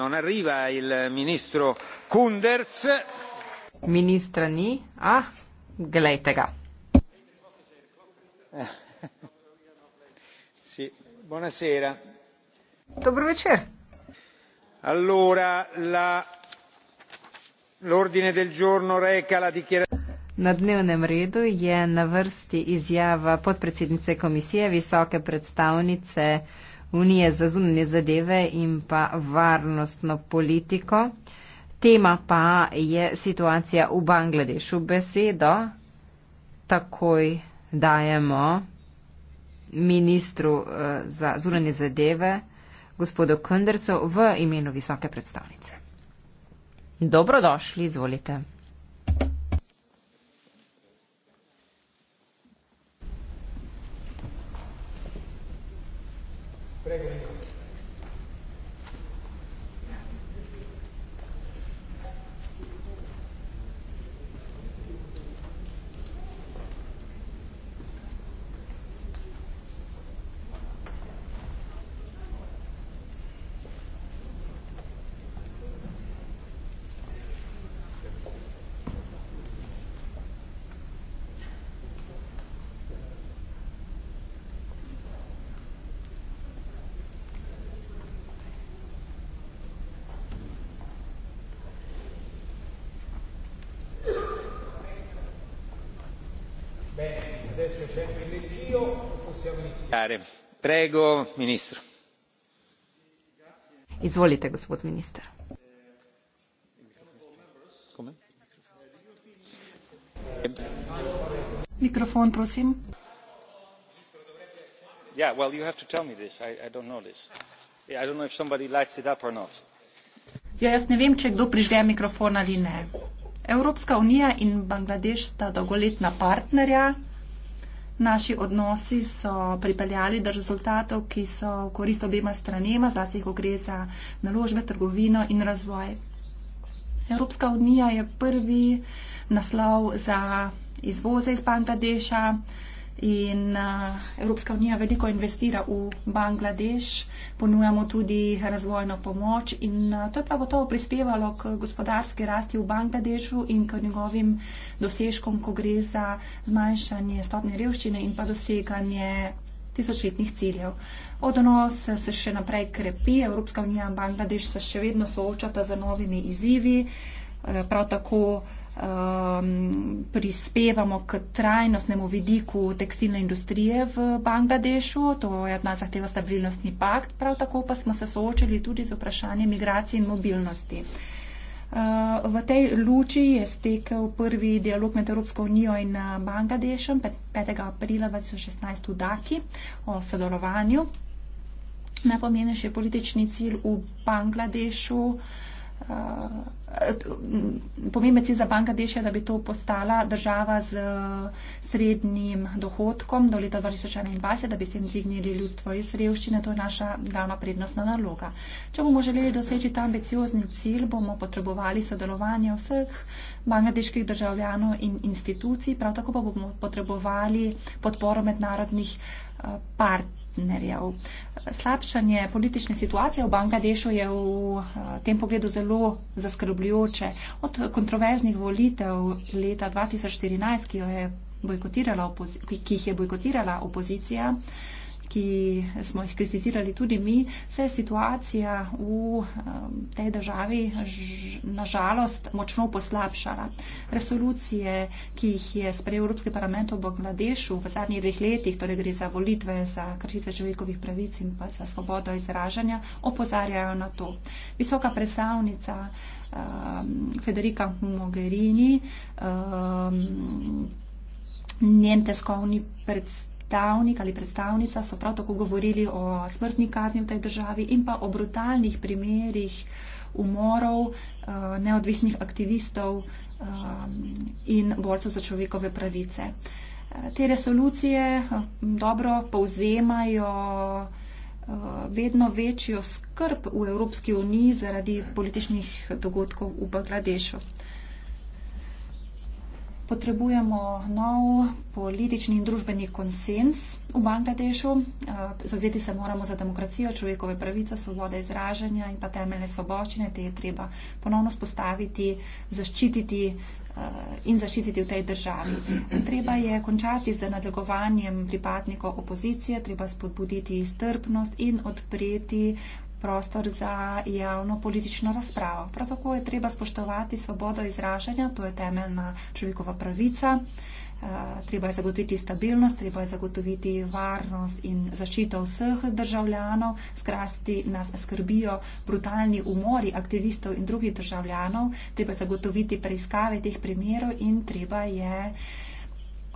non arriva il ministro Kunders. Ministra ni? Ah, glejte ga. sì, buonasera. Dobro večer. Allora, la... l'ordine del giorno reca la dichiarazione. Na dnevnem redu je na vrsti izjava podpredsednice komisije, visoke predstavnice unije za zunanje zadeve in pa varnostno politiko. Tema pa je situacija v Bangladešu. Besedo takoj dajemo ministru eh, za zunanje zadeve, gospodu Kundersu, v imenu visoke predstavnice. Dobrodošli, izvolite. adesso c'è il bellecchio possiamo iniziare. Prego, Ministro. Izvolite, gospod minister. Mikrofon, prosim. Yeah, well, you have to tell me this. I, I don't know this. Yeah, I don't know if somebody lights it up or not. Ja, jaz ne vem, če kdo prižge mikrofon ali ne. Evropska unija in Bangladeš sta dolgoletna partnerja. Naši odnosi so pripeljali do rezultatov, ki so v korist obema stranema, zlasti, ko gre za naložbe, trgovino in razvoj. Evropska unija je prvi naslov za izvoze iz Bangladeša. In uh, Evropska unija veliko investira v Bangladeš, ponujamo tudi razvojno pomoč in uh, to je prav gotovo prispevalo k gospodarski rasti v Bangladešu in k njegovim dosežkom, ko gre za zmanjšanje stopne revščine in pa doseganje tisočletnih ciljev. Odnos se še naprej krepi, Evropska unija in Bangladeš se še vedno soočata z novimi izzivi, eh, prav tako um, prispevamo k trajnostnemu vidiku tekstilne industrije v Bangladešu. To je od nas zahteva stabilnostni pakt. Prav tako pa smo se soočili tudi z vprašanjem migracije in mobilnosti. Uh, v tej luči je stekel prvi dialog med Evropsko unijo in uh, Bangladešem 5. aprila 2016 v Daki o sodelovanju. Najpomembnejši politični cilj v Bangladešu uh, Eh, pomemben cilj za Bangladeš je, da bi to postala država z eh, srednjim dohodkom do leta 2021, da bi s tem dvignili ljudstvo iz revščine. To je naša glavna prednostna naloga. Če bomo želeli doseči ta ambiciozni cilj, bomo potrebovali sodelovanje vseh bangladeških državljanov in institucij, prav tako pa bomo potrebovali podporo mednarodnih eh, partnerjev partnerjev. Slabšanje politične situacije v Bangladešu je v eh, tem pogledu zelo zaskrbljujoče. Od kontroverznih volitev leta 2014, ki, jo je ki jih je bojkotirala opozicija, ki smo jih kritizirali tudi mi, se je situacija v um, tej državi nažalost močno poslabšala. Resolucije, ki jih je sprejel Evropski parlament v Bangladešu v zadnjih dveh letih, torej gre za volitve, za kršitve človekovih pravic in pa za svobodo izražanja, opozarjajo na to. Visoka predstavnica um, Federika Mogherini, um, njen teskovni predstavnik, predstavnik ali predstavnica so prav tako govorili o smrtni kazni v tej državi in pa o brutalnih primerjih umorov eh, neodvisnih aktivistov eh, in borcev za človekove pravice. Eh, te resolucije dobro povzemajo vedno večjo skrb v Evropski uniji zaradi političnih dogodkov v Bangladešu potrebujemo nov politični in družbeni konsens v Bangladešu. Eh, zavzeti se moramo za demokracijo, človekove pravice, svobode izražanja in pa temeljne svoboščine. Te je treba ponovno spostaviti, zaščititi eh, in zaščititi v tej državi. Treba je končati z nadlegovanjem pripadnikov opozicije, treba spodbuditi strpnost in odpreti prostor za javno politično razpravo. Prav tako je treba spoštovati svobodo izražanja, to je temeljna človekova pravica. Eh, treba je zagotoviti stabilnost, treba je zagotoviti varnost in zaščito vseh državljanov. Skrasti nas skrbijo brutalni umori aktivistov in drugih državljanov. Treba je zagotoviti preiskave teh primerov in treba je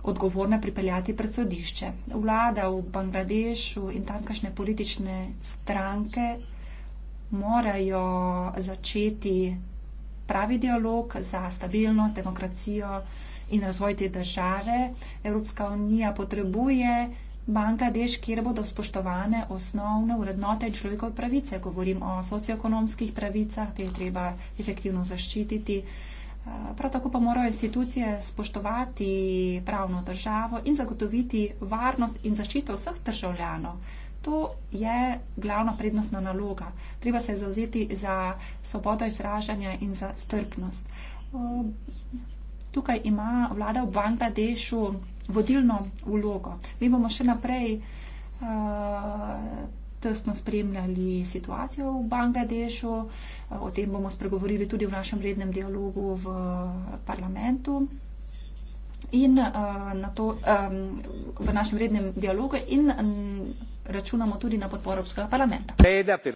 odgovorna pripeljati pred sodišče. Vlada v Bangladešu in tamkajšnje politične stranke morajo začeti pravi dialog za stabilnost, demokracijo in razvoj te države. Evropska unija potrebuje Bangladeš, kjer bodo spoštovane osnovne urednote človekove pravice. Govorim o socioekonomskih pravicah, te je treba efektivno zaščititi. Prav tako pa morajo institucije spoštovati pravno državo in zagotoviti varnost in zaščito vseh državljanov. To je glavna prednostna naloga. Treba se zauzeti za svobodo izražanja in za strpnost. Eh, tukaj ima vlada v Bangladešu vodilno vlogo. Mi bomo še naprej eh, tesno spremljali situacijo v Bangladešu, eh, o tem bomo spregovorili tudi v našem rednem dialogu v parlamentu. In, uh, na to, um, v našem rednem dialogu in um, računamo tudi na podporo Evropskega parlamenta.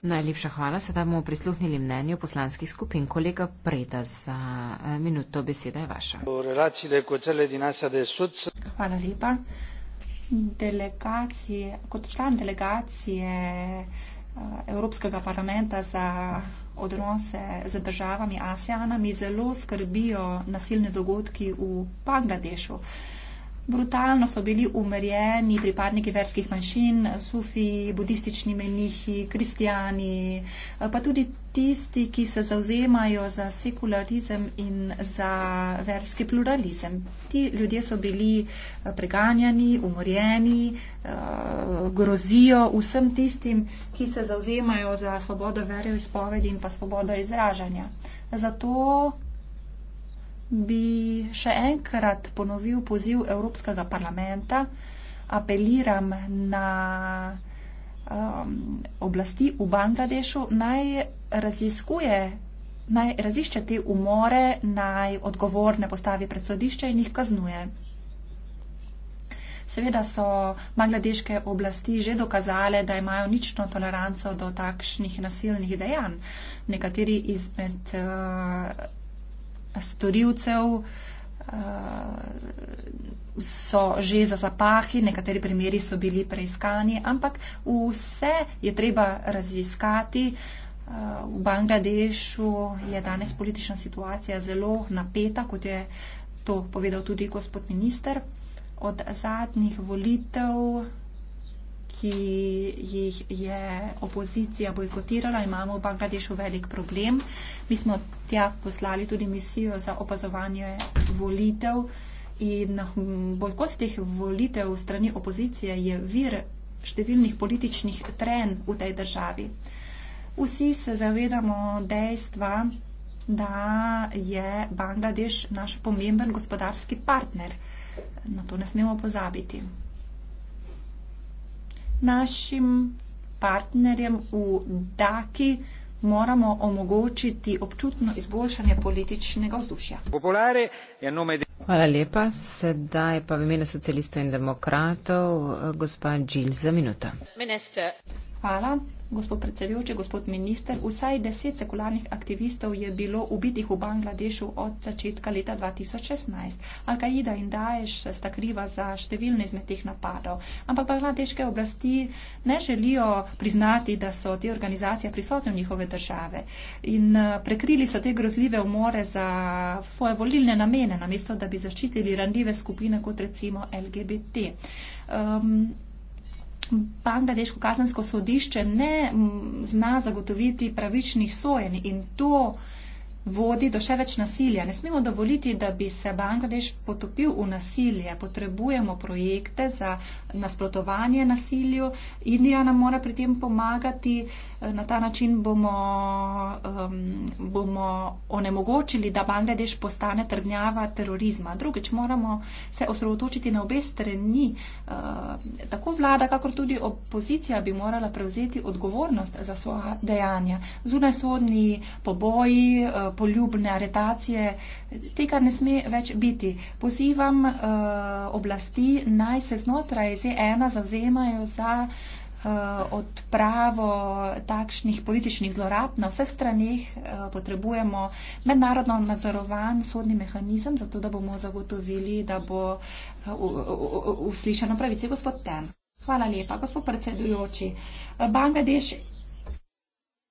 Najlepša hvala, sedaj bomo prisluhnili mnenju poslanskih skupin. Kolega Preda, za eh, minuto beseda je vaša. Hvala lepa. Delegacije, kot član delegacije eh, Evropskega parlamenta za odnose z državami ASEANA mi zelo skrbijo nasilne dogodki v Bangladešu. Brutalno so bili umerjeni pripadniki verskih manjšin, sufi, budistični menihi, kristijani, pa tudi tisti, ki se zauzemajo za sekularizem in za verski pluralizem. Ti ljudje so bili eh, preganjani, umorjeni, eh, grozijo vsem tistim, ki se zauzemajo za svobodo verjo izpovedi in pa svobodo izražanja. Zato bi še enkrat ponovil poziv Evropskega parlamenta, apeliram na um, oblasti v Bangladešu, naj raziskuje, naj razišče te umore, naj odgovorne postavi pred sodišče in jih kaznuje. Seveda so bangladeške oblasti že dokazale, da imajo nično toleranco do takšnih nasilnih dejanj. Nekateri izmed uh, storilcev eh, so že za zapahi, nekateri primeri so bili preiskani, ampak vse je treba raziskati. Eh, v Bangladešu je danes politična situacija zelo napeta, kot je to povedal tudi gospod minister. Od zadnjih volitev ki jih je opozicija bojkotirala. Imamo v Bangladešu velik problem. Mi smo tja poslali tudi misijo za opazovanje volitev in hm, bojkot teh volitev strani opozicije je vir številnih političnih tren v tej državi. Vsi se zavedamo dejstva, da je Bangladeš naš pomemben gospodarski partner. Na to ne smemo pozabiti našim partnerjem v Daki moramo omogočiti občutno izboljšanje političnega vzdušja. Hvala lepa. Sedaj pa v imenu socialistov in demokratov gospa Džil za minuto. Minister. Hvala. Gospod predsedujoči, gospod minister, vsaj deset sekularnih aktivistov je bilo ubitih v Bangladešu od začetka leta 2016. Al-Kaida in Daesh sta kriva za številne izmed teh napadov. Ampak bangladeške oblasti ne želijo priznati, da so te organizacije prisotne v njihove države. In eh, prekrili so te grozljive umore za svoje volilne namene, namesto da bi zaščitili randljive skupine kot recimo LGBT. Um, Bangladeško kazensko sodišče ne mm, zna zagotoviti pravičnih sojenj in to vodi do še več nasilja. Ne smemo dovoliti, da bi se Bangladeš potopil v nasilje. Potrebujemo projekte za nasprotovanje nasilju. Indija nam mora pri tem pomagati. Na ta način bomo, um, bomo onemogočili, da Bangladeš postane trdnjava terorizma. Drugič, moramo se osredotočiti na obe strani. Uh, tako vlada, kakor tudi opozicija bi morala prevzeti odgovornost za svoja dejanja. Zunaj sodni poboji, uh, poljubne aretacije. Tega ne sme več biti. Pozivam eh, oblasti naj se znotraj ZN zauzemajo za eh, odpravo takšnih političnih zlorab. Na vseh stranih eh, potrebujemo mednarodno nadzorovan sodni mehanizem, zato da bomo zagotovili, da bo uslišano pravice gospod Tem. Hvala lepa, gospod predsedujoči. Bangladeš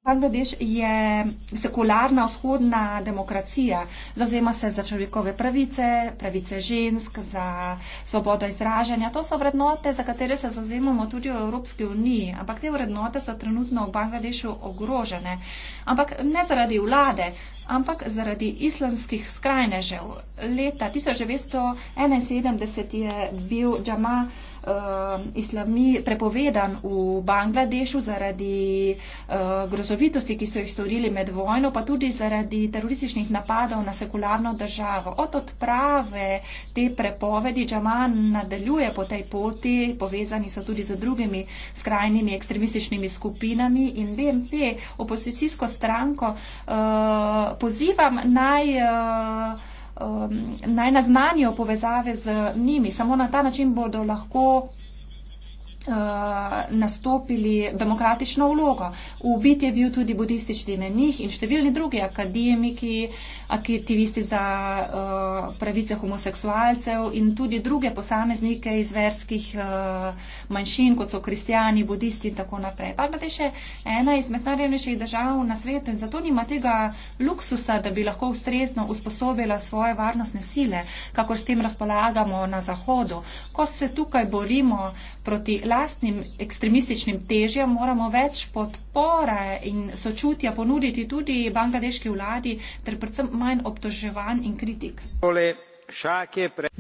Bangladeš je sekularna vzhodna demokracija, zazema se za človekove pravice, pravice žensk, za svobodo izražanja. To so vrednote, za katere se zazemamo tudi v Evropski uniji, ampak te vrednote so trenutno v Bangladešu ogrožene. Ampak ne zaradi vlade, ampak zaradi islamskih skrajnežev. Leta 1971 je bil Džama uh, islami, prepovedan v Bangladešu zaradi uh, grozovitosti, ki so jih storili med vojno, pa tudi zaradi terorističnih napadov na sekularno državo. Od odprave te prepovedi Džaman nadaljuje po tej poti, povezani so tudi z drugimi skrajnimi ekstremističnimi skupinami in BMP, opozicijsko stranko, uh, pozivam naj. Uh, um, naj naznanijo povezave z njimi. Samo na ta način bodo lahko Eh, nastopili demokratično vlogo. Ubit je bil tudi budistični menih in številni drugi akademiki, aktivisti za uh, pravice homoseksualcev in tudi druge posameznike iz verskih uh, manjšin, kot so kristijani, budisti in tako naprej. Pa je še ena izmed najrevnejših držav na svetu in zato nima tega luksusa, da bi lahko ustrezno usposobila svoje varnostne sile, kakor s tem razpolagamo na Zahodu. Ko se tukaj borimo proti lažnosti, lastnim ekstremističnim težjem moramo več podpore in sočutja ponuditi tudi bangladeški vladi ter predvsem manj obtoževanj in kritik.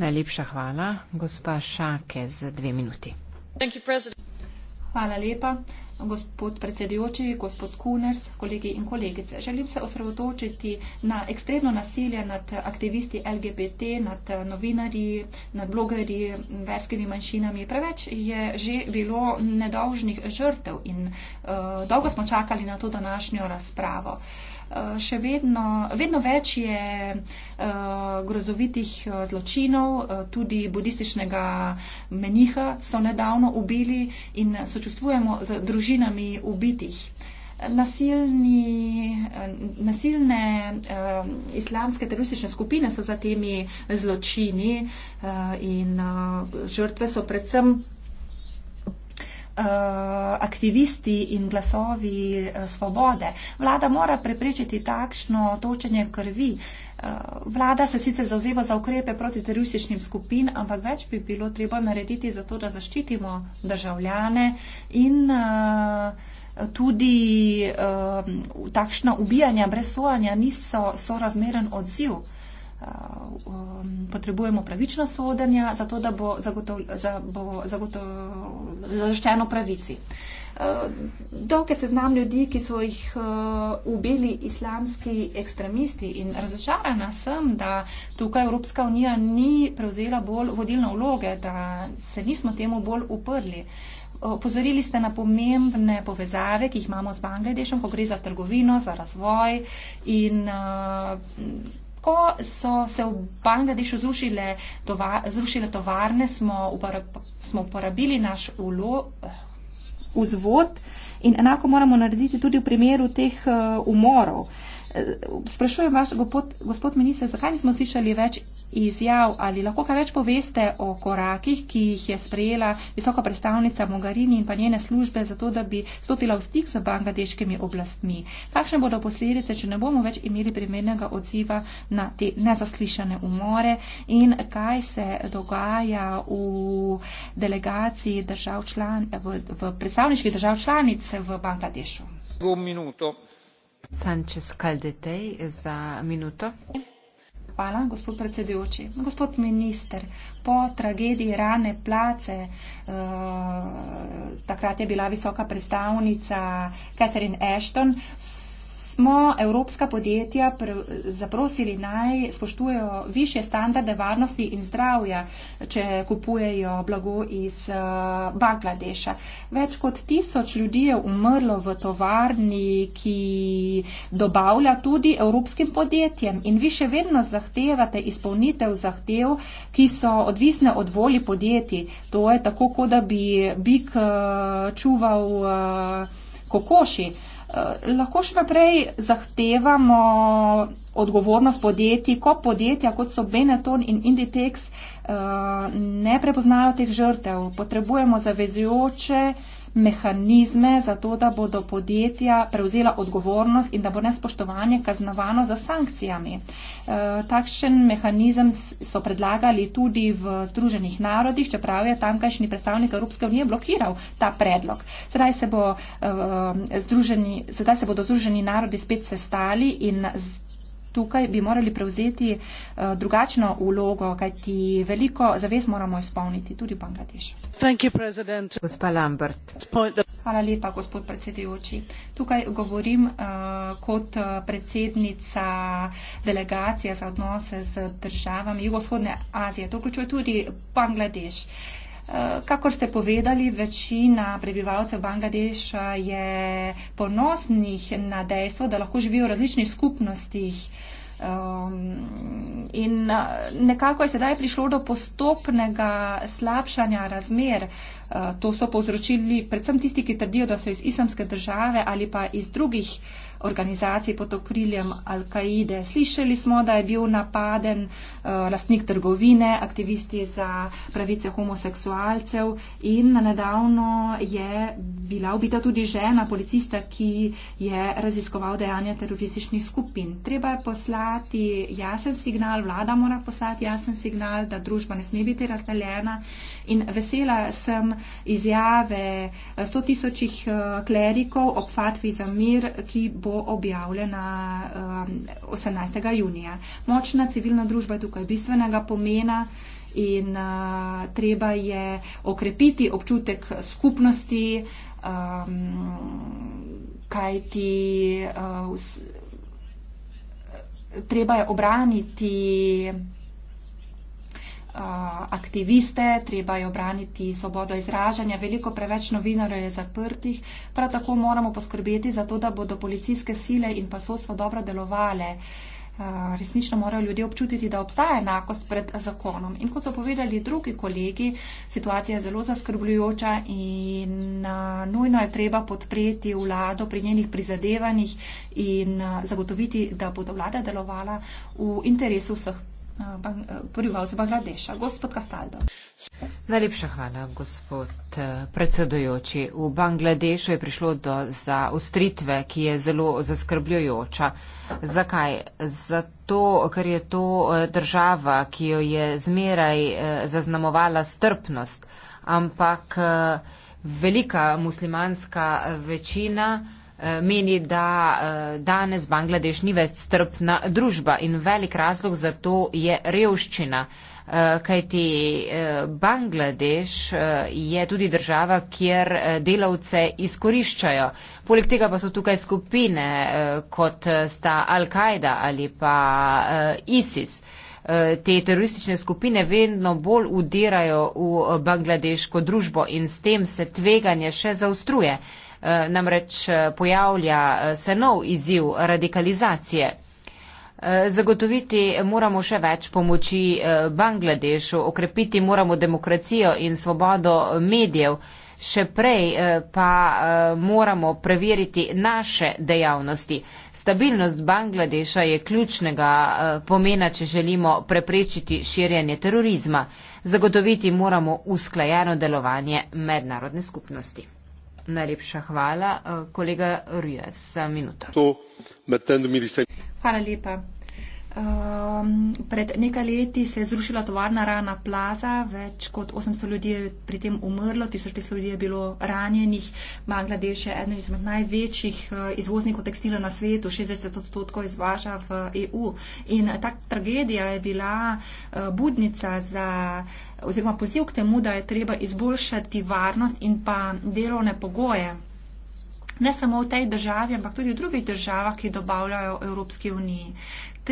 Najlepša hvala, gospa Šake, za dve minuti. Hvala lepa. Gospod predsedujoči, gospod Kuners, kolegi in kolegice, želim se osredotočiti na ekstremno nasilje nad aktivisti LGBT, nad eh, novinarji, nad blogerji, verskimi manjšinami. Preveč je že bilo nedolžnih žrtev in uh, dolgo smo čakali na to današnjo razpravo. Uh, Eh, še vedno, vedno več je eh, grozovitih eh, zločinov, tudi budističnega meniha so nedavno ubili in sočustvujemo z družinami ubitih. Nasilni, nasilne uh, islamske teroristične skupine so za temi zločini uh, in uh, žrtve so predvsem Eh, aktivisti in glasovi eh, svobode. Vlada mora preprečiti takšno točenje krvi. Eh, vlada se sicer zauzeva za ukrepe proti terorističnim skupin, ampak več bi bilo treba narediti za to, da zaščitimo državljane in tudi takšna ubijanja brez sojanja niso sorazmeren odziv. Eh, um, potrebujemo pravična sodenja, zato da bo, zagotov, za, bo zagotov, zaščeno pravici. Eh, dolge seznam ljudi, ki so jih eh, ubili islamski ekstremisti in razočarana sem, da tukaj Evropska unija ni prevzela bolj vodilne vloge, da se nismo temu bolj uprli. Pozorili ste na pomembne povezave, ki jih imamo z Bangladešem, ko gre za trgovino, za razvoj in. Uh, Ko so se v Bangladešu zrušile, tova, zrušile tovarne, smo, uporab, smo uporabili naš ulo, eh, vzvod in enako moramo narediti tudi v primeru teh uh, umorov. Uh, Sprašujem vas, gospod, gospod minister, zakaj nismo slišali več izjav ali lahko kaj več poveste o korakih, ki jih je sprejela visoka predstavnica Mogarini in pa njene službe za to, da bi stopila v stik z bangladeškimi oblastmi. Kakšne bodo posledice, če ne bomo več imeli primernega odziva na te nezaslišane umore in kaj se dogaja v delegaciji držav član, v, v predstavniških držav članic v Bangladešu? Sanchez Caldetej za minuto. Hvala, gospod predsedujoči. Gospod minister, po tragediji rane place, uh, takrat je bila visoka predstavnica Catherine Ashton, smo evropska podjetja zaprosili naj spoštujejo više standarde varnosti in zdravja, če kupujejo blago iz eh, Bangladeša. Več kot tisoč ljudi je umrlo v tovarni, ki dobavlja tudi evropskim podjetjem in vi še vedno zahtevate izpolnitev zahtev, ki so odvisne od voli podjetij. To je tako, kot da bi bik eh, čuval eh, kokoši. Eh, lahko še naprej zahtevamo odgovornost podjetij, ko podjetja, kot so Benetton in Inditex, eh, ne prepoznajo teh žrtev. Potrebujemo zavezujoče mehanizme za to, da bodo podjetja prevzela odgovornost in da bo nespoštovanje kaznovano za sankcijami. E, takšen mehanizem so predlagali tudi v Združenih narodih, čeprav je tamkajšnji predstavnik Evropske unije blokiral ta predlog. Sedaj se, bo, e, e, združeni, sedaj se bodo Združeni narodi spet sestali in tukaj bi morali prevzeti eh, drugačno ulogo, kajti veliko zavez moramo izpolniti tudi v Bangladešu. Hvala lepa, gospod predsedujoči. Tukaj govorim uh, kot eh, predsednica delegacije za odnose z državami Jugovzhodne Azije. To vključuje tudi Bangladeš. Uh, Kakor ste povedali, večina prebivalcev Bangladeša je ponosnih na dejstvo, da lahko živijo v različnih skupnostih. Um, in uh, nekako je sedaj prišlo do postopnega slabšanja razmer. Uh, to so povzročili predvsem tisti, ki trdijo, da so iz islamske države ali pa iz drugih organizacij pod okriljem Al-Kaide. Slišali smo, da je bil napaden eh, lastnik trgovine, aktivisti za pravice homoseksualcev in nedavno je bila ubita tudi žena policista, ki je raziskoval dejanja terorističnih skupin. Treba je poslati jasen signal, vlada mora poslati jasen signal, da družba ne sme biti razdeljena in vesela sem izjave 100 eh, tisočih eh, klerikov ob fatvi za mir, ki bo bo objavljena um, 18. junija. Močna civilna družba je tukaj bistvenega pomena in uh, treba je okrepiti občutek skupnosti, um, kaj ti. Uh, treba je obraniti aktiviste, treba je obraniti svobodo izražanja, veliko preveč novinarjev je zaprtih, prav tako moramo poskrbeti za to, da bodo policijske sile in pa sodstvo dobro delovale. Resnično morajo ljudje občutiti, da obstaja enakost pred zakonom. In kot so povedali drugi kolegi, situacija je zelo zaskrbljujoča in nujno je treba podpreti vlado pri njenih prizadevanjih in zagotoviti, da bodo vlada delovala v interesu vseh Eh, eh, prebivalce Bangladeša. Gospod Kastaldo. Najlepša hvala, gospod eh, predsedujoči. V Bangladešu je prišlo do zaustritve, ki je zelo zaskrbljujoča. Zakaj? Zato, ker je to država, ki jo je zmeraj zaznamovala strpnost, ampak velika muslimanska večina meni, da eh, danes Bangladeš ni več strpna družba in velik razlog za to je revščina. Eh, kajti eh, Bangladeš je tudi država, kjer delavce izkoriščajo. Poleg tega pa so tukaj skupine, kot sta Al-Kaida ali pa ISIS. Te teroristične skupine vedno bolj udirajo v bangladeško družbo in s tem se tveganje še zaostruje. Eh, namreč eh, pojavlja eh, se nov izziv radikalizacije. Zagotoviti moramo še več pomoči Bangladešu, okrepiti moramo demokracijo in svobodo medijev, še prej pa moramo preveriti naše dejavnosti. Stabilnost Bangladeša je ključnega pomena, če želimo preprečiti širjanje terorizma. Zagotoviti moramo usklajeno delovanje mednarodne skupnosti. Najlepša hvala. Eh, kolega Rujas, minuto. Hvala lepa. Um, pred nekaj leti se je zrušila tovarna Rana Plaza, več kot 800 ljudi je pri tem umrlo, 1500 ljudi je bilo ranjenih. Bangladeš je eden izmed največjih eh, izvoznikov tekstila na svetu, 60 odstotkov izvaža v EU. In ta tragedija je bila eh, budnica za oziroma poziv k temu, da je treba izboljšati varnost in pa delovne pogoje. Ne samo v tej državi, ampak tudi v drugih državah, ki dobavljajo Evropski uniji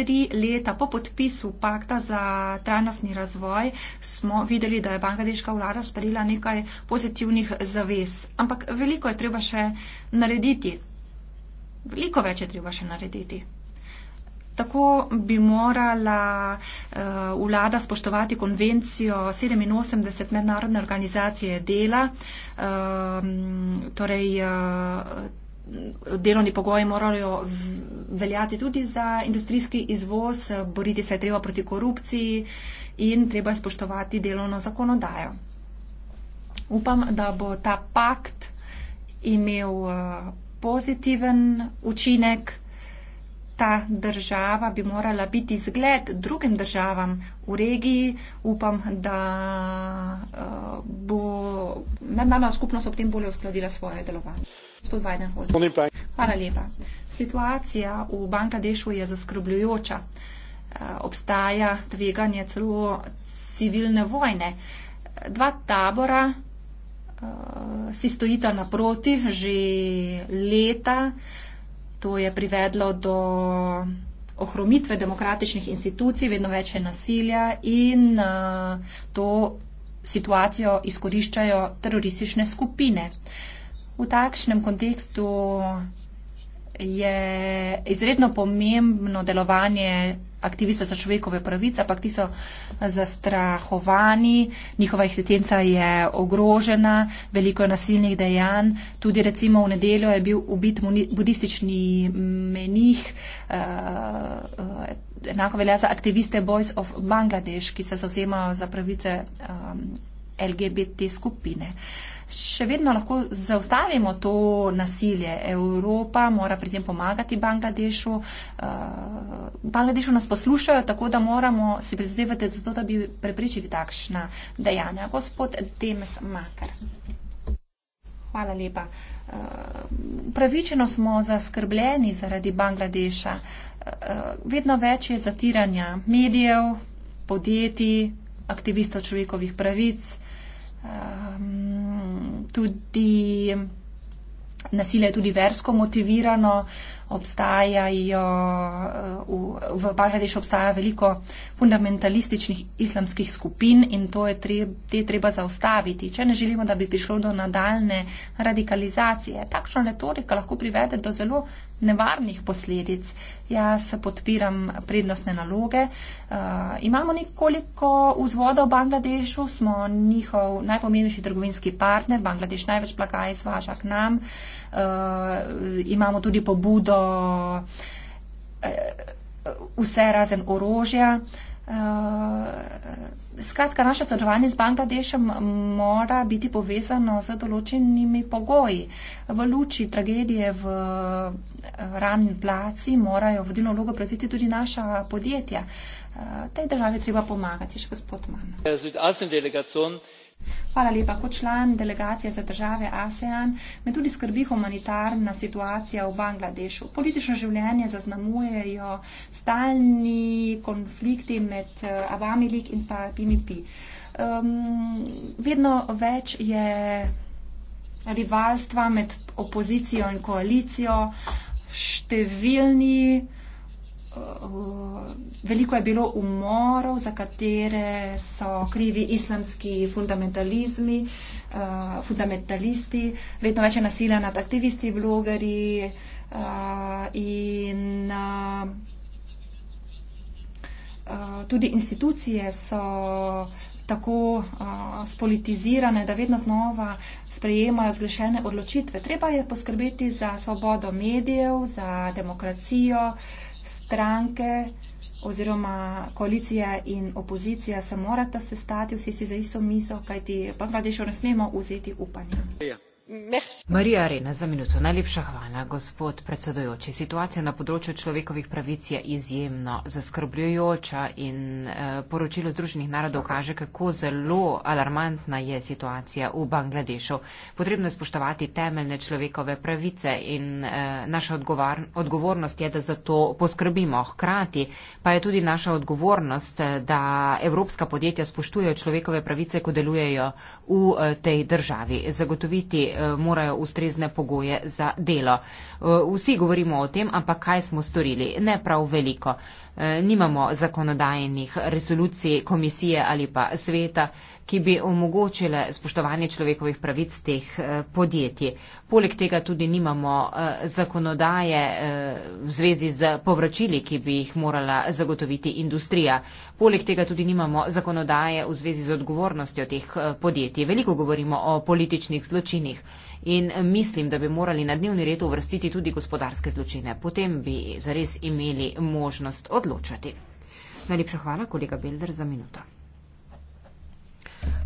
tri leta po podpisu pakta za trajnostni razvoj smo videli, da je bangladeška vlada sprejela nekaj pozitivnih zavez. Ampak veliko je treba še narediti. Veliko več je treba še narediti. Tako bi morala uh, vlada spoštovati konvencijo 87 mednarodne organizacije dela, uh, torej uh, delovni pogoji morajo veljati tudi za industrijski izvoz, boriti se je treba proti korupciji in treba je spoštovati delovno zakonodajo. Upam, da bo ta pakt imel eh, pozitiven učinek. Ta država bi morala biti zgled drugim državam v regiji. Upam, da eh, bo mednarodna skupnost ob tem bolje uskladila svoje delovanje gospod Weinerhold. Hvala lepa. Situacija v Bangladešu je zaskrbljujoča. Eh, obstaja tveganje celo civilne vojne. Dva tabora eh, si stojita naproti že leta. To je privedlo do ohromitve demokratičnih institucij, vedno več je nasilja in uh, to situacijo izkoriščajo teroristične skupine. Uh, V takšnem kontekstu je izredno pomembno delovanje aktivista za človekove pravice, ampak ti so zastrahovani, njihova eksistenca je ogrožena, veliko je nasilnih dejanj. Tudi recimo v nedeljo je bil ubit budistični menih, eh, enako velja za aktiviste Boys of Bangladesh, ki se zauzemajo za pravice eh, LGBT skupine. Uh, še vedno lahko zaustavimo to nasilje. Evropa mora pri tem pomagati Bangladešu. Uh, Bangladešu nas poslušajo, tako da moramo si prizadevati za to, da bi prepričali takšna dejanja. Gospod Demes Makar. Hvala lepa. Uh, eh, pravičeno smo zaskrbljeni zaradi Bangladeša. Uh, vedno več je zatiranja medijev, podjetij, aktivistov človekovih pravic. Uh, Um, tudi nasilje je tudi versko motivirano. Uh, obstajajo, eh, v Bangladešu obstaja veliko fundamentalističnih islamskih skupin in to je treba, te treba zaustaviti. Če ne želimo, da bi prišlo do nadaljne radikalizacije, takšna retorika lahko privede do zelo nevarnih posledic. Jaz podpiram prednostne naloge. Eh, imamo nekoliko vzvoda v Bangladešu, smo njihov najpomembnejši trgovinski partner, Bangladeš največ plaka izvaža k nam uh, imamo tudi pobudo uh, vse razen orožja. Uh, skratka, naše sodelovanje z Bangladešem mora biti povezano z določenimi pogoji. V luči tragedije v ranni placi morajo vodilno vlogo prevzeti tudi naša podjetja. Uh, tej državi treba pomagati, še gospod Mann. Äh, Hvala lepa. Kot član delegacije za države ASEAN me tudi skrbi humanitarna situacija v Bangladešu. Politično življenje zaznamujejo stalni konflikti med eh, Avami League in pa PMP. Um, vedno več je rivalstva med opozicijo in koalicijo, številni Eh, veliko je bilo umorov, za katere so krivi islamski fundamentalizmi, eh, fundamentalisti, vedno več je nasilja nad aktivisti, vlogeri eh, in tudi institucije so tako uh, spolitizirane, da vedno znova sprejemajo zgrešene odločitve. Treba je poskrbeti za svobodo medijev, za demokracijo, stranke oziroma koalicija in opozicija se morata sestati vsi si za isto mizo, kajti Bangladešu ne smemo vzeti upanja. Ja. Marija Arena, za minuto. Najlepša hvala, gospod predsedujoči. Situacija na področju človekovih pravic je izjemno zaskrbljujoča in eh, poročilo Združenih narodov kaže, kako zelo alarmantna je situacija v Bangladešu. Potrebno je spoštovati temeljne človekove pravice in eh, naša odgovornost je, da za to poskrbimo. Hkrati pa je tudi naša odgovornost, eh, da evropska podjetja spoštujejo človekove pravice, ko delujejo v tej državi. Zagotoviti Eh, morajo ustrezne pogoje za delo. Eh, vsi govorimo o tem, ampak kaj smo storili? Ne prav veliko. Eh, nimamo zakonodajnih resolucij komisije ali pa sveta, ki bi omogočile spoštovanje človekovih pravic teh eh, podjetij. Poleg tega tudi nimamo eh, zakonodaje eh, v zvezi z povračili, ki bi jih morala zagotoviti industrija. Poleg tega tudi nimamo zakonodaje v zvezi z odgovornostjo teh podjetij. Veliko govorimo o političnih zločinih in mislim, da bi morali na dnevni red uvrstiti tudi gospodarske zločine. Potem bi zares imeli možnost odločati. Najlepša hvala, kolega Belder, za minuto.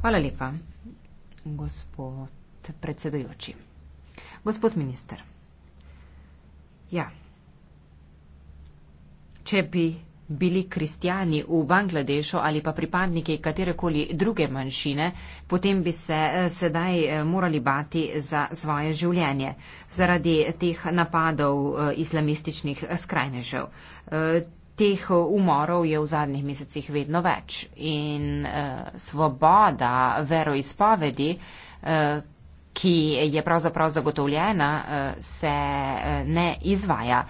Hvala lepa, gospod predsedujoči. Gospod minister. Ja. Če bi bili kristjani v Bangladešu ali pa pripadniki katerekoli druge manjšine, potem bi se eh, sedaj eh, morali bati za svoje življenje zaradi teh napadov eh, islamističnih skrajnežev teh eh, umorov je v zadnjih mesecih vedno več in uh, svoboda veroizpovedi, uh, ki je pravzaprav zagotovljena, uh, se uh, ne izvaja.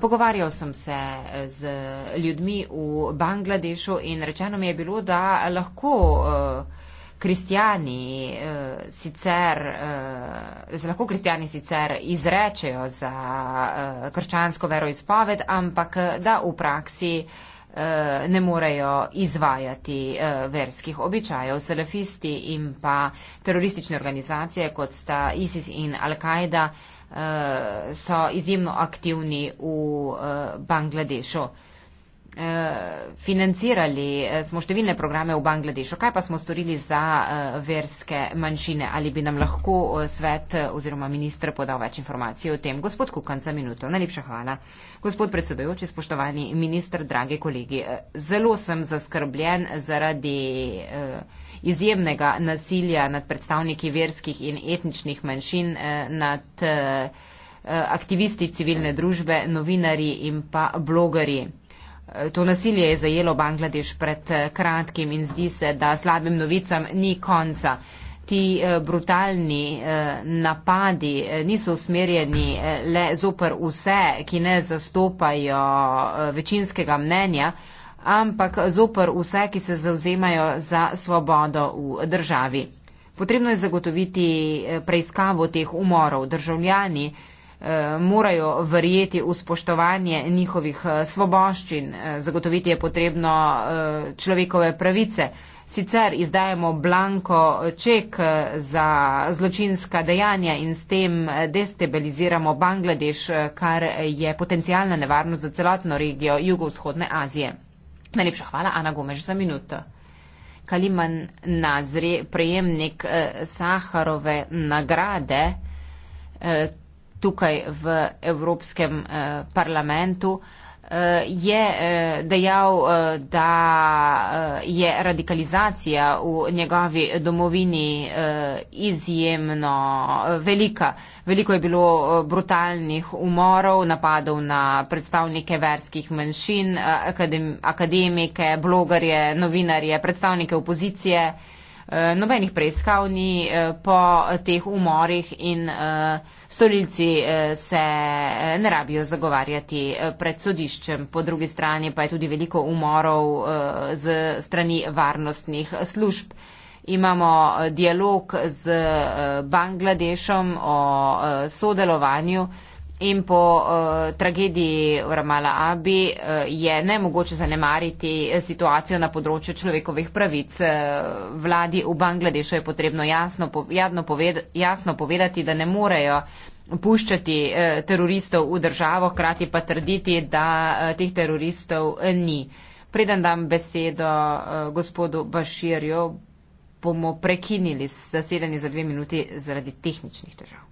Pogovarjal sem se z ljudmi v Bangladešu in rečeno mi je bilo, da lahko uh, kristijani uh, sicer, uh, se lahko kristijani sicer izrečejo za uh, krščansko veroizpoved, ampak da v praksi ne morejo izvajati verskih običajev. Salafisti in pa teroristične organizacije, kot sta ISIS in Al-Kaida, so izjemno aktivni v Bangladešu. Eh, financirali eh, smo številne programe v Bangladešu. Kaj pa smo storili za eh, verske manjšine? Ali bi nam lahko svet oziroma ministr podal več informacij o tem? Gospod Kukan, za minuto. Najlepša hvala. Gospod predsedujoči, spoštovani ministr, dragi kolegi. Zelo sem zaskrbljen zaradi izjemnega nasilja nad predstavniki verskih in etničnih manjšin, nad aktivisti civilne družbe, novinari in pa blogeri. To nasilje je zajelo Bangladeš pred eh, kratkim in zdi se, da slabim novicam ni konca. Ti eh, brutalni eh, napadi niso usmerjeni le zoper vse, ki ne zastopajo večinskega mnenja, ampak zoper vse, ki se zauzemajo za svobodo v državi. Potrebno je zagotoviti preiskavo teh umorov državljani, Eh, morajo verjeti v spoštovanje njihovih eh, svoboščin, eh, zagotoviti je potrebno človekove pravice. Sicer izdajemo blanko ček za zločinska dejanja in s tem destabiliziramo Bangladeš, kar je potencijalna nevarnost za celotno regijo jugovzhodne Azije. Najlepša hvala, Ana Gomeš, za minuto. Kaliman Nazri, prejemnik Saharove nagrade, tukaj v Evropskem eh, parlamentu, eh, je eh, dejal, da je radikalizacija v njegovi domovini izjemno velika. Veliko je bilo brutalnih umorov, napadov na predstavnike verskih manjšin, akademike, blogerje, novinarje, predstavnike opozicije. Eh, nobenih preiskav ni eh, po teh umorih in eh, storilci se ne rabijo zagovarjati pred sodiščem. Po drugi strani pa je tudi veliko umorov z strani varnostnih služb. Imamo dialog z Bangladešom o sodelovanju. In po uh, tragediji v Ramala Abi uh, je ne mogoče zanemariti eh, situacijo na področju človekovih pravic. Uh, vladi v Bangladešu je potrebno jasno, po, poved, jasno povedati, da ne morejo puščati uh, teroristov v državo, hkrati pa trditi, da uh, teh teroristov uh, ni. Preden dam besedo uh, gospodu Baširju, bomo prekinili zasedanje za dve minuti zaradi tehničnih težav.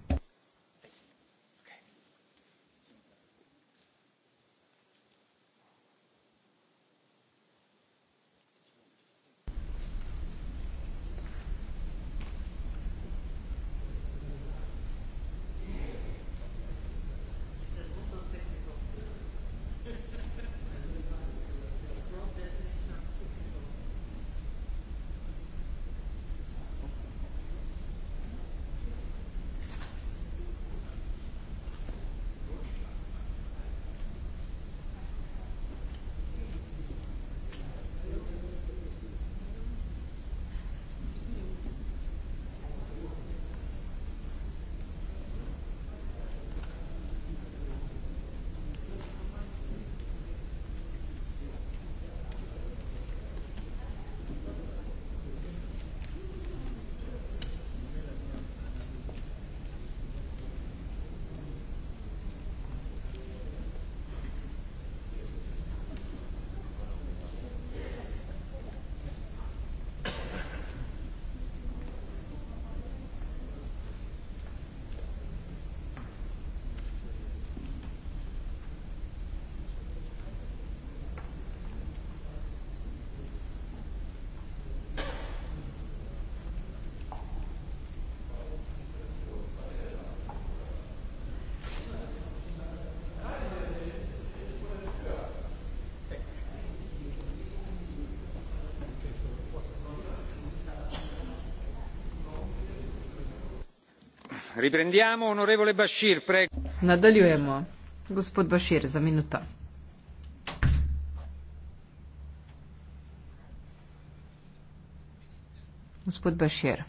nadaljujemo gospod bašir za minuto gospod bašir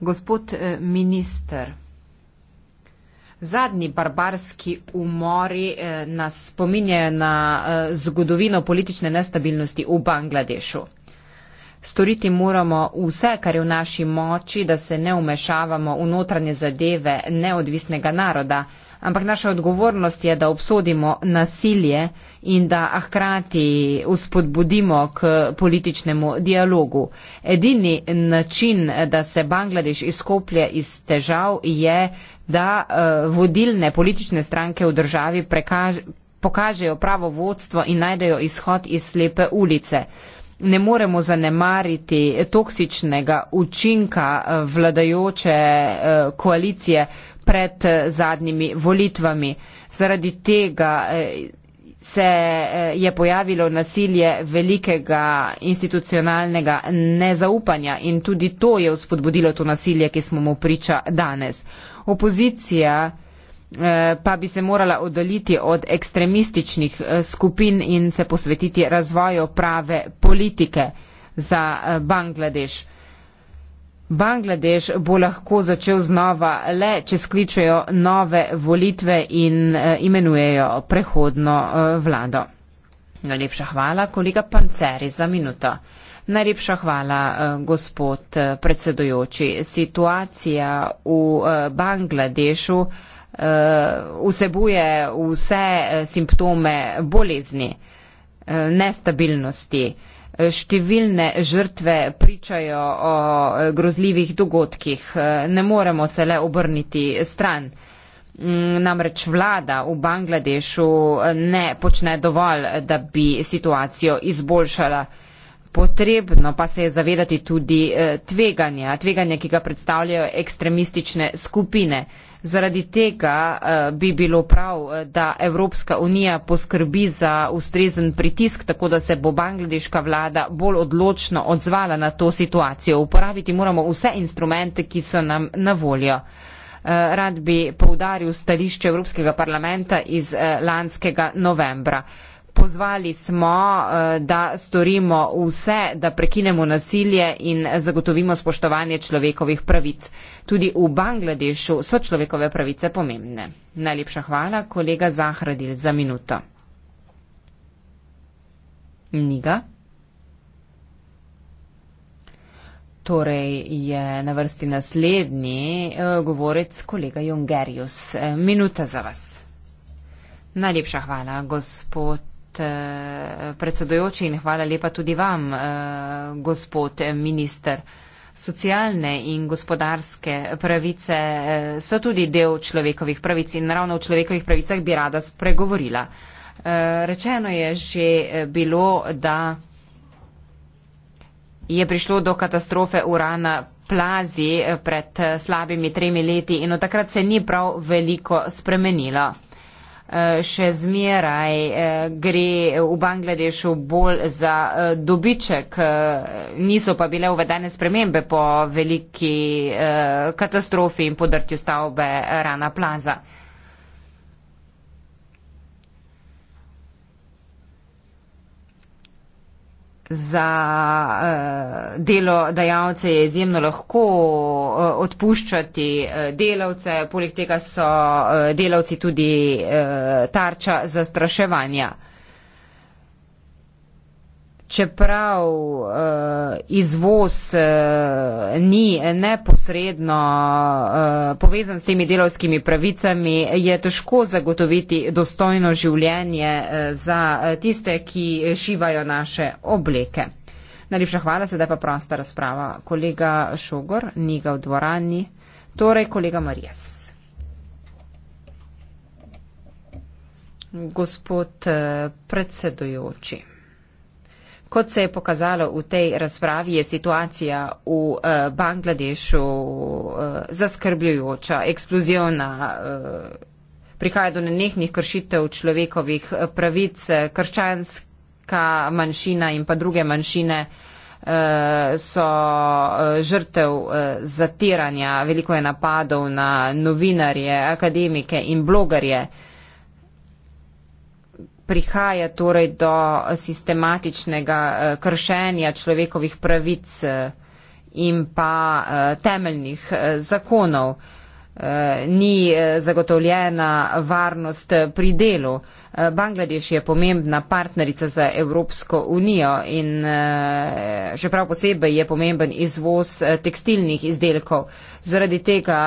gospod eh, minister Zadnji barbarski umori eh, nas spominjajo na eh, zgodovino politične nestabilnosti v Bangladešu. Storiti moramo vse, kar je v naši moči, da se ne umešavamo v notranje zadeve neodvisnega naroda, ampak naša odgovornost je, da obsodimo nasilje in da ahkrati uspodbudimo k političnemu dialogu. Edini način, da se Bangladeš izkoplje iz težav, je, da eh, vodilne politične stranke v državi prekaž, pokažejo pravo vodstvo in najdejo izhod iz slepe ulice ne moremo zanemariti toksičnega učinka eh, vladajoče eh, koalicije pred eh, zadnjimi volitvami. Zaradi tega se je pojavilo nasilje velikega institucionalnega nezaupanja in tudi to je vzpodbudilo to nasilje, ki smo mu priča danes. Opozicija Eh, pa bi se morala oddaliti od ekstremističnih eh, skupin in se posvetiti razvoju prave politike za eh, Bangladeš. Bangladeš bo lahko začel znova le, če skličejo nove volitve in imenujejo prehodno vlado. Najlepša hvala, kolega Panceri, za minuto. Najlepša hvala, gospod predsedujoči. Situacija v Bangladešu Eh, vsebuje vse eh, simptome bolezni, eh, nestabilnosti. Številne žrtve pričajo o grozljivih dogodkih, ne moremo se le obrniti stran. Mm, namreč vlada v Bangladešu ne počne dovolj, da bi situacijo izboljšala. Potrebno pa se je zavedati tudi tveganja, tveganja, ki ga predstavljajo ekstremistične skupine. Zaradi tega eh, bi bilo prav, eh, da Evropska unija poskrbi za ustrezen pritisk, tako da se bo bangladeška vlada bolj odločno odzvala na to situacijo. Uporabiti moramo vse instrumente, ki so nam na voljo. Eh, rad bi poudaril stališče Evropskega parlamenta iz lanskega novembra pozvali smo, eh, da storimo vse, da prekinemo nasilje in zagotovimo spoštovanje človekovih pravic. Tudi v Bangladešu so človekove pravice pomembne. Najlepša hvala, kolega Zahradil, za minuto. Niga. Torej je na vrsti naslednji eh, govorec kolega Jungerius. Eh, minuta za vas. Najlepša hvala, gospod Eh, predsedojoči in hvala lepa tudi vam, eh, gospod eh, minister. Socialne in gospodarske pravice so tudi del človekovih pravic in ravno o človekovih pravicah bi rada spregovorila. Rečeno je že bilo, da je prišlo do katastrofe urana plazi pred slabimi tremi leti in od takrat se ni prav veliko spremenilo. Eh, še zmeraj eh, gre v Bangladešu bolj za eh, dobiček. Niso pa bile uvedene spremembe po veliki katastrofi in podrtju stavbe Rana Plaza. za uh, delo dajalce je izjemno lahko uh, odpuščati uh, delavce, poleg tega so uh, delavci tudi uh, tarča zastraševanja čeprav uh, izvoz uh, ni neposredno uh, povezan s temi delovskimi pravicami, je težko zagotoviti dostojno življenje uh, za tiste, ki šivajo naše obleke. Najlepša hvala, sedaj pa prosta razprava. Kolega Šogor, njega v dvorani, torej kolega Marijas. Gospod predsedujoči. Kot se je pokazalo v tej razpravi, je situacija v eh, Bangladešu eh, zaskrbljujoča, eksplozivna. Eh, prihaja do nenehnih kršitev človekovih pravic. Krščanska manjšina in pa druge manjšine so žrtev zatiranja. Veliko je napadov na novinarje, akademike in blogarje prihaja torej do sistematičnega eh, kršenja človekovih pravic eh, in pa eh, temeljnih zakonov. Eh, ni eh, zagotovljena varnost pri delu. Eh, Bangladeš je pomembna partnerica za Evropsko unijo in še prav posebej je pomemben izvoz tekstilnih izdelkov. Zaradi tega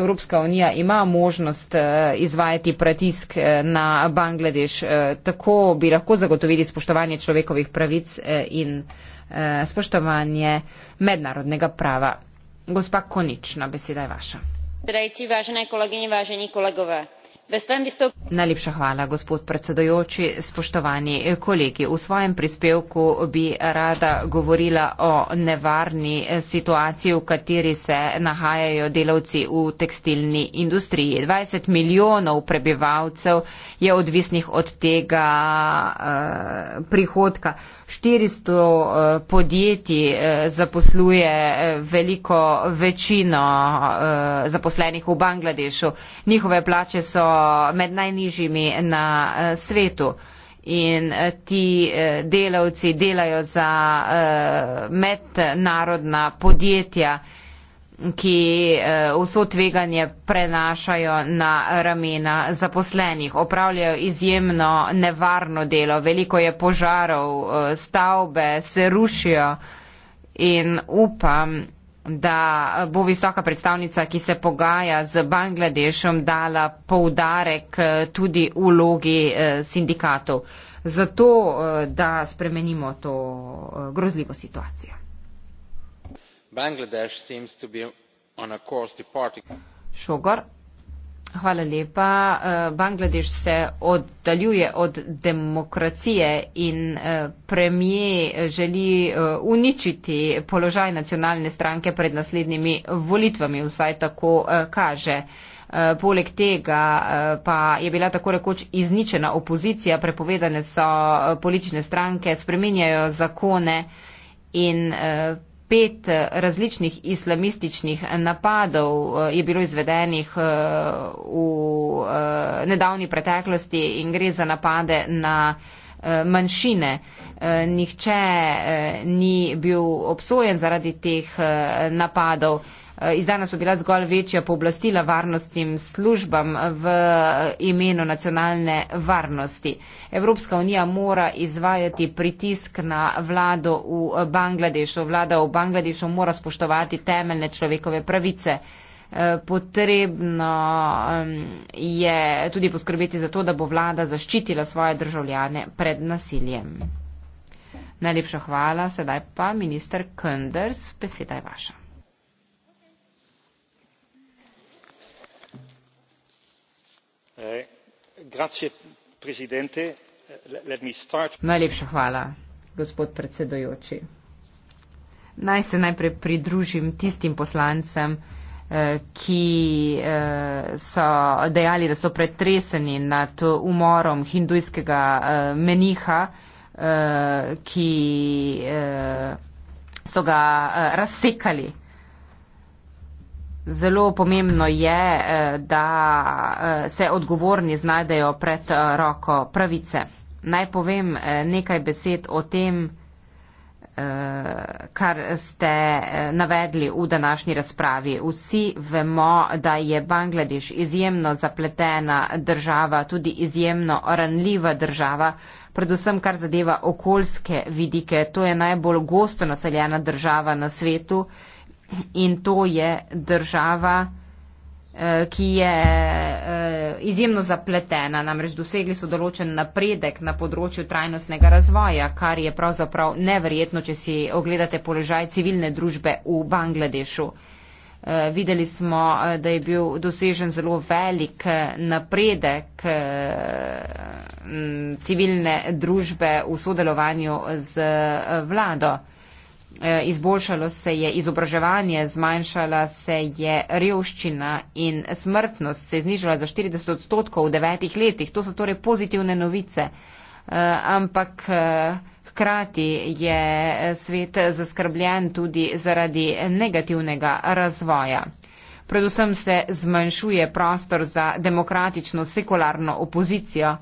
Evropska unija ima možnost izvajati pratisk na Bangladeš. Tako bi lahko zagotovili spoštovanje človekovih pravic in spoštovanje mednarodnega prava. Gospa Konič, na beseda je vaša najlepša hvala gospod predsedujoči spoštovani kolegi v svojem prispevku bi rada govorila o nevarni eh, situaciji v kateri se nahajajo delavci v tekstilni industriji dvajset milijonov prebivalcev je odvisnih od tega uh, prihodka 400 eh, podjetij eh, zaposluje eh, veliko večino zaposlenih v Bangladešu. Njihove plače so med najnižjimi na svetu in ti delavci delajo za mednarodna podjetja ki eh, vso tveganje prenašajo na ramena zaposlenih. Opravljajo izjemno nevarno delo, veliko je požarov, eh, stavbe se rušijo in upam, da bo visoka predstavnica, ki se pogaja z Bangladešom, dala poudarek eh, tudi vlogi sindikatov, zato da spremenimo to grozljivo situacijo. Bangladesh seems to be on a course departing. Šogor. Hvala lepa. Eh, Bangladeš se oddaljuje od demokracije in eh, premije želi eh, uničiti položaj nacionalne stranke pred naslednjimi volitvami, vsaj tako kaže. Poleg tega pa je bila tako rekoč izničena opozicija, prepovedane so politične stranke, spremenjajo zakone in pet eh, različnih islamističnih eh, napadov eh, je bilo izvedenih v nedavni preteklosti in gre za napade na manjšine. Nihče ni bil obsojen zaradi teh napadov. Eh, izdana so bila zgolj večja pooblastila varnostnim službam v imenu nacionalne varnosti. Evropska unija mora izvajati pritisk na vlado v Bangladešu. Vlada v Bangladešu mora spoštovati temeljne človekove pravice. Eh, potrebno je tudi poskrbeti za to, da bo vlada zaščitila svoje državljane pred nasiljem. Najlepša hvala, sedaj pa minister Kenders, beseda je vaša. najlepša hvala gospod predsedujoči naj se najprej pridružim tistim poslancem eh, ki eh, so dejali da so pretreseni nad umorom hindujskega eh, meniha ki so ga razsekali Zelo pomembno je, eh, da eh, se odgovorni znajdejo pred eh, roko pravice. Naj povem nekaj besed o tem, kar ste navedli v današnji razpravi. Vsi vemo, da je Bangladeš izjemno zapletena država, tudi izjemno ranljiva država, predvsem kar zadeva okoljske vidike. To je najbolj gosto naseljena država na svetu in to je država, eh, ki je eh, izjemno zapletena. Namreč dosegli so določen napredek na področju trajnostnega razvoja, kar je pravzaprav neverjetno, če si ogledate položaj civilne družbe v Bangladešu. Eh, videli smo, da je bil dosežen zelo velik napredek civilne družbe v sodelovanju z vlado. Eh, izboljšalo se je izobraževanje, zmanjšala se je revščina in smrtnost se je znižala za 40 odstotkov v devetih letih. To so torej pozitivne novice, eh, ampak eh, hkrati je svet zaskrbljen tudi zaradi negativnega razvoja. Predvsem se zmanjšuje prostor za demokratično sekularno opozicijo,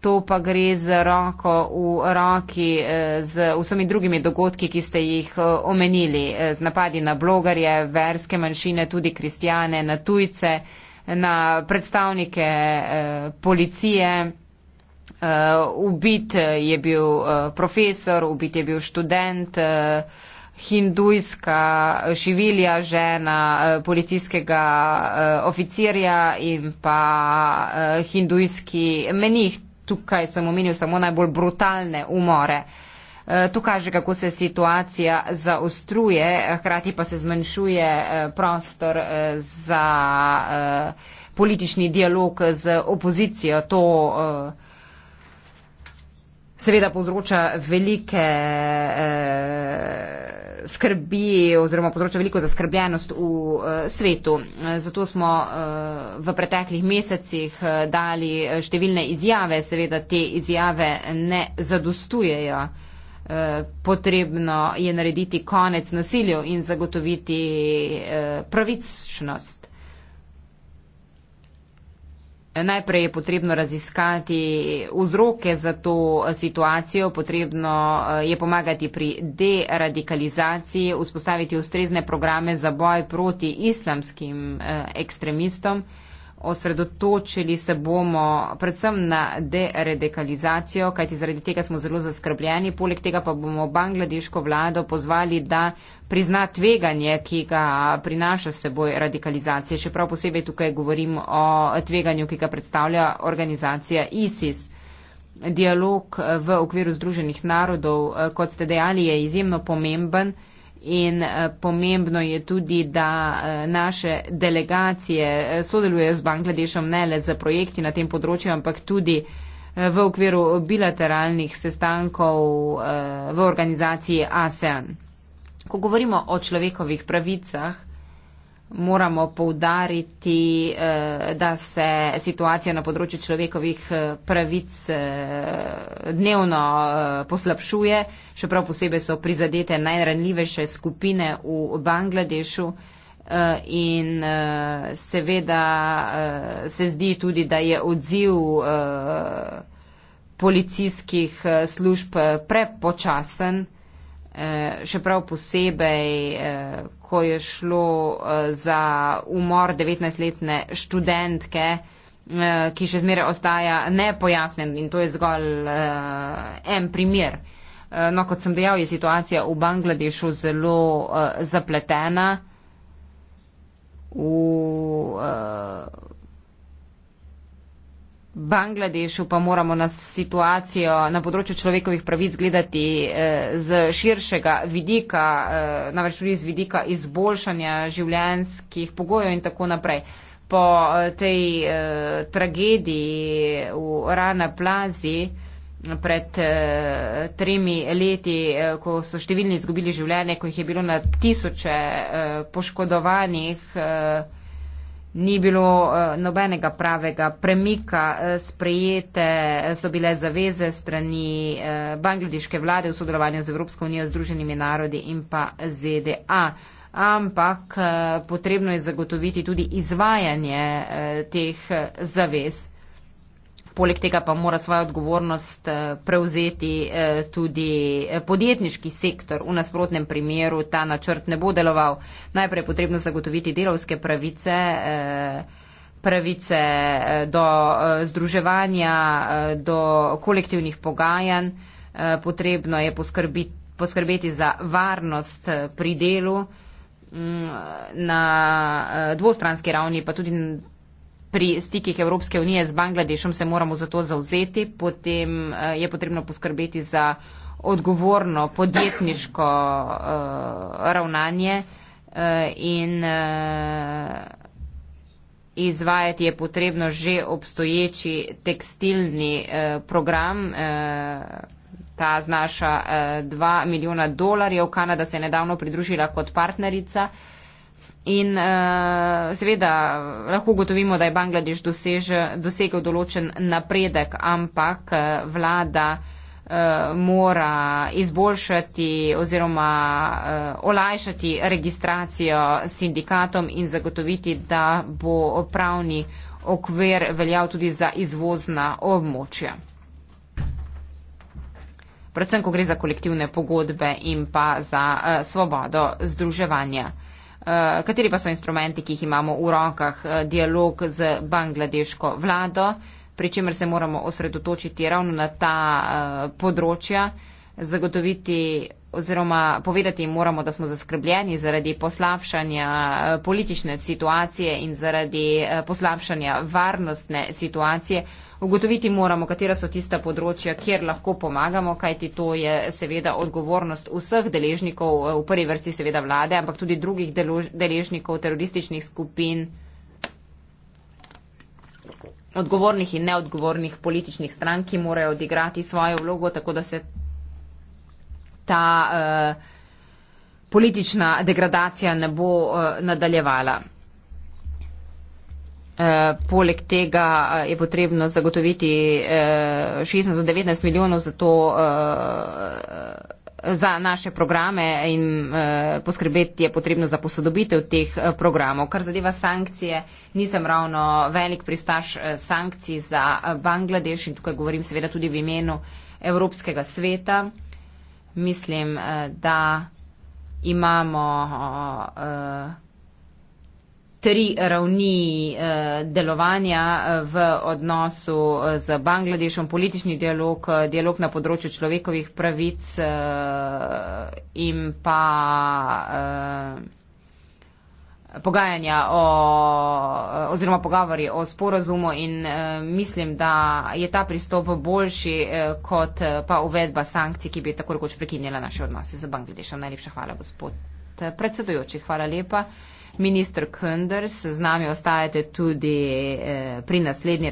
to pa gre z roko v roki eh, z vsemi drugimi dogodki, ki ste jih eh, omenili, eh, z napadi na blogarje, verske manjšine, tudi kristijane, na tujce, na predstavnike policije. Ubit je bil profesor, ubit je bil študent, hindujska šivilja, žena policijskega oficirja in pa hindujski menih tukaj sem omenil samo najbolj brutalne umore. E, to kaže, kako se situacija zaostruje, hkrati pa se zmanjšuje e, prostor e, za politični dialog z opozicijo. To seveda povzroča velike skrbi oziroma povzroča veliko zaskrbljenost v eh, svetu. Zato smo eh, v preteklih mesecih eh, dali številne izjave, seveda te izjave ne zadostujejo. Potrebno je narediti konec nasilju in zagotoviti pravičnost. Najprej je potrebno raziskati vzroke za to situacijo, potrebno eh, je pomagati pri deradikalizaciji, vzpostaviti ustrezne programe za boj proti islamskim eh, ekstremistom osredotočili se bomo predvsem na deredekalizacijo, kajti zaradi tega smo zelo zaskrbljeni. Poleg tega pa bomo bangladeško vlado pozvali, da prizna tveganje, ki ga prinaša seboj radikalizacija. Še prav posebej tukaj govorim o tveganju, ki ga predstavlja organizacija ISIS. Dialog v okviru Združenih narodov, kot ste dejali, je izjemno pomemben. In eh, pomembno je tudi, da eh, naše delegacije eh, sodelujejo z Bangladešom ne le z projekti na tem področju, ampak tudi v okviru bilateralnih sestankov v organizaciji ASEAN. Ko govorimo o človekovih pravicah, moramo poudariti, eh, da se situacija na področju človekovih eh, pravic eh, dnevno poslabšuje, še prav posebej so prizadete najranljivejše skupine v Bangladešu in seveda se zdi tudi, da je odziv policijskih služb prepočasen. Eh, še prav posebej, eh, ko je šlo eh, za umor 19-letne študentke, ki še zmeraj ostaja nepojasnen in to je zgolj en primer. No, kot sem dejal, je situacija v Bangladešu zelo zapletena. V, Bangladešu pa moramo na situacijo na področju človekovih pravic gledati eh, z širšega vidika, eh, namreč tudi z vidika izboljšanja življenskih pogojev in tako naprej. Po eh, tej eh, tragediji v Rana Plazi pred eh, tremi leti, eh, ko so številni izgubili življenje, ko jih je bilo na tisoče eh, poškodovanih, eh, Ni bilo eh, nobenega pravega premika, eh, sprejete eh, so bile zaveze strani bangladeške vlade v sodelovanju z Evropsko unijo, Združenimi narodi in pa ZDA. Ampak potrebno je zagotoviti tudi izvajanje teh zavez poleg tega pa mora svojo odgovornost eh, prevzeti eh, tudi eh, podjetniški sektor. V nasprotnem primeru ta načrt ne bo deloval. Najprej je potrebno zagotoviti delovske pravice, pravice do združevanja, do kolektivnih pogajanj. Potrebno je poskrbiti, poskrbeti za varnost pri delu mm, na dvostranski ravni, pa tudi pri stikih Evropske unije z Bangladešom se moramo za to zauzeti, potem eh, je potrebno poskrbeti za odgovorno podjetniško uh, ravnanje uh, in uh, izvajati je potrebno že obstoječi tekstilni uh, program. Uh, Ta znaša 2 milijona dolarjev. Kanada se je nedavno pridružila kot partnerica uh, In uh, seveda lahko gotovimo, da je Bangladeš dosegel določen napredek, ampak eh, vlada uh, mora izboljšati oziroma uh, olajšati registracijo sindikatom in zagotoviti, da bo pravni okvir veljal tudi za izvozna območja. Predvsem, ko gre za kolektivne pogodbe in pa za uh, svobodo združevanja. Eh, kateri pa so instrumenti, ki jih imamo v rokah, eh, dialog z bangladeško vlado, pri čemer se moramo osredotočiti ravno na ta eh, področja, zagotoviti oziroma povedati jim moramo, da smo zaskrbljeni zaradi poslabšanja eh, politične situacije in zaradi eh, poslabšanja varnostne situacije. Ugotoviti moramo, katera so tista področja, kjer lahko pomagamo, kajti to je seveda odgovornost vseh deležnikov, eh, v prvi vrsti seveda vlade, ampak tudi drugih deležnikov terorističnih skupin, odgovornih in neodgovornih političnih strank, ki morajo odigrati svojo vlogo, tako da se ta eh, politična degradacija ne bo eh, nadaljevala. Eh, poleg tega je potrebno zagotoviti 16 do 19 milijonov za, to, za naše programe in poskrbeti je potrebno za posodobitev teh programov. Kar zadeva sankcije, nisem ravno velik pristaš sankcij za Bangladeš in tukaj govorim seveda tudi v imenu Evropskega sveta mislim, eh, da imamo eh, tri ravni eh, delovanja v odnosu z Bangladešom, politični dialog, dialog na področju človekovih pravic in pa pogajanja o, oziroma pogovori o sporazumu in eh, mislim, da je ta pristop boljši eh, kot eh, pa uvedba sankcij, ki bi tako rekoč prekinjala naše odnose z Bangladešom. Najlepša hvala, gospod predsedujoči. Hvala lepa. Ministr Kunders, z nami ostajate tudi pri naslednji